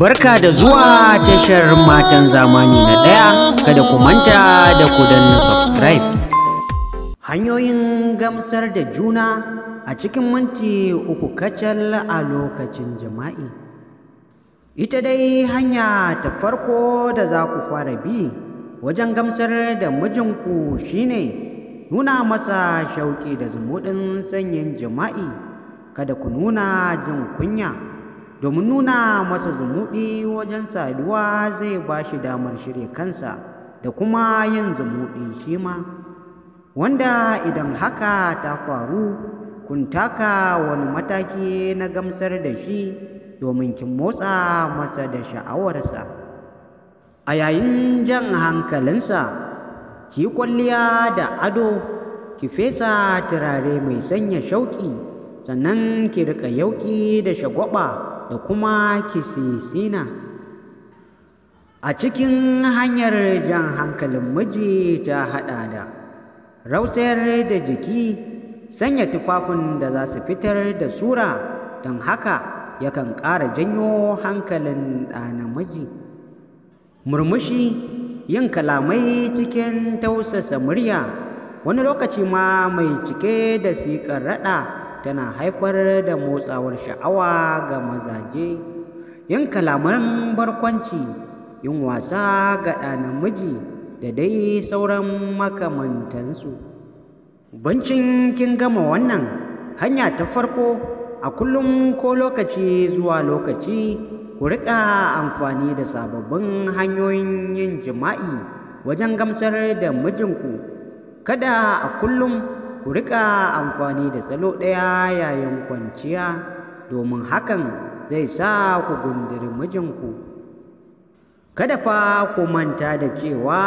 Barka da zuwa tashar matan zamani na ɗaya kada ku manta da ku danna subscribe. Hanyoyin gamsar da juna a cikin minti uku kacal a lokacin jima'i. Ita dai hanya ta farko da za ku fara bi wajen gamsar da mijinku shine nuna masa shauƙi da zumuɗin sanyin jima'i kada ku nuna jin kunya. domin nuna masa zumuɗi wajen saduwa zai ba shi damar shirya kansa da kuma yin zumuɗi shi ma wanda idan haka ta faru kun taka wani mataki na gamsar da shi domin kin motsa masa da sha'awarsa a yayin jan hankalinsa ki kwalliya da ado ki fesa turare mai sanya shauƙi sannan ki riƙa yauƙi da shagwaba da kuma kisisina a cikin hanyar jan hankalin miji ta haɗa da rausayar da jiki sanya tufafin da za su fitar da sura don haka yakan ƙara janyo hankalin ɗa namiji murmushi yin kalamai cikin tausasa murya wani lokaci ma mai cike da siƙar raɗa tana haifar da motsawar sha'awa ga mazaje yin kalaman barkwanci yin wasa ga ɗa namiji da dai sauran makamantansu bancin kin gama wannan hanya ta farko a kullum ko lokaci zuwa lokaci ku riƙa amfani da sababbin hanyoyin yin jima'i wajen gamsar da mijinku kada a kullum ku riƙa amfani da salo ɗaya yayin kwanciya domin hakan zai sa ku gundiri mijinku kada fa ku manta da cewa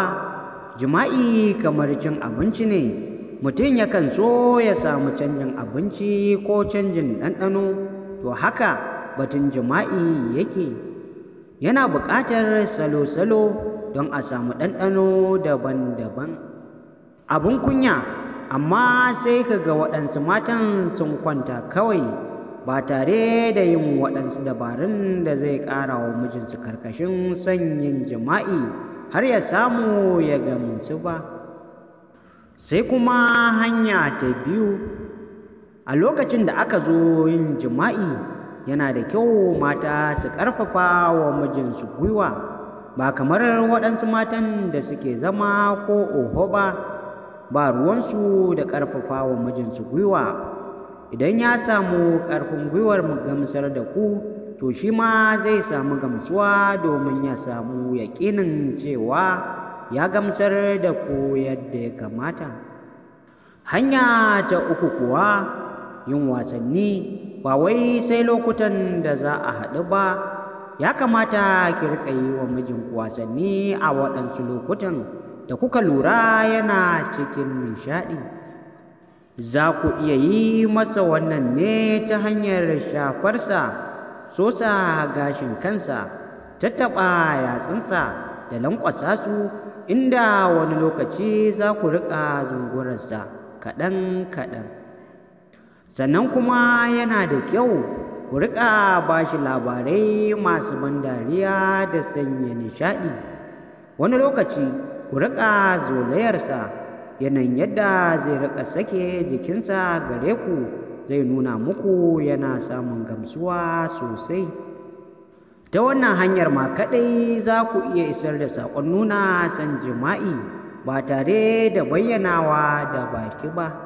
jima'i kamar cin abinci ne mutum yakan so ya samu canjin abinci ko canjin ɗanɗano to haka batun jima'i yake yana buƙatar salo-salo don a samu ɗanɗano daban-daban abin kunya amma sai ka ga waɗansu matan sun kwanta kawai ba tare da yin waɗansu dabarun da zai ƙara wa mijinsu karkashin sanyin jima'i har ya samu ya gamsu ba sai kuma hanya ta biyu a lokacin da aka zo yin jima'i yana da kyau mata su ƙarfafa wa mijinsu gwiwa ba kamar waɗansu matan da suke zama ko oho ba ba ruwansu da ƙarfafa wa mijinsu gwiwa idan ya samu ƙarfin gwiwar gamsar da ku to shi ma zai samu gamsuwa domin ya samu yaƙinin cewa ya gamsar da ku yadda ya kamata hanya ta uku kuwa yin wasanni ba wai sai lokutan da za a haɗu ba ya kamata ki riƙa yi wa mijinku wasanni a waɗansu lokutan da kuka lura yana cikin nishaɗi za ku iya yi masa wannan ne ta hanyar shafarsa sosa gashin kansa ta taɓa yatsunsa da lankwasa su inda wani lokaci za ku riƙa zungurarsa kaɗan-kaɗan sannan kuma yana da kyau ku riƙa ba shi labarai masu ban dariya da sanya nishaɗi wani lokaci ku riƙa zolayarsa yanayin yadda zai riƙa sake jikinsa gare ku zai nuna muku yana samun gamsuwa sosai ta wannan hanyar ma kaɗai za ku iya isar da saƙon nuna san jima'i ba tare da bayyanawa da baki ba.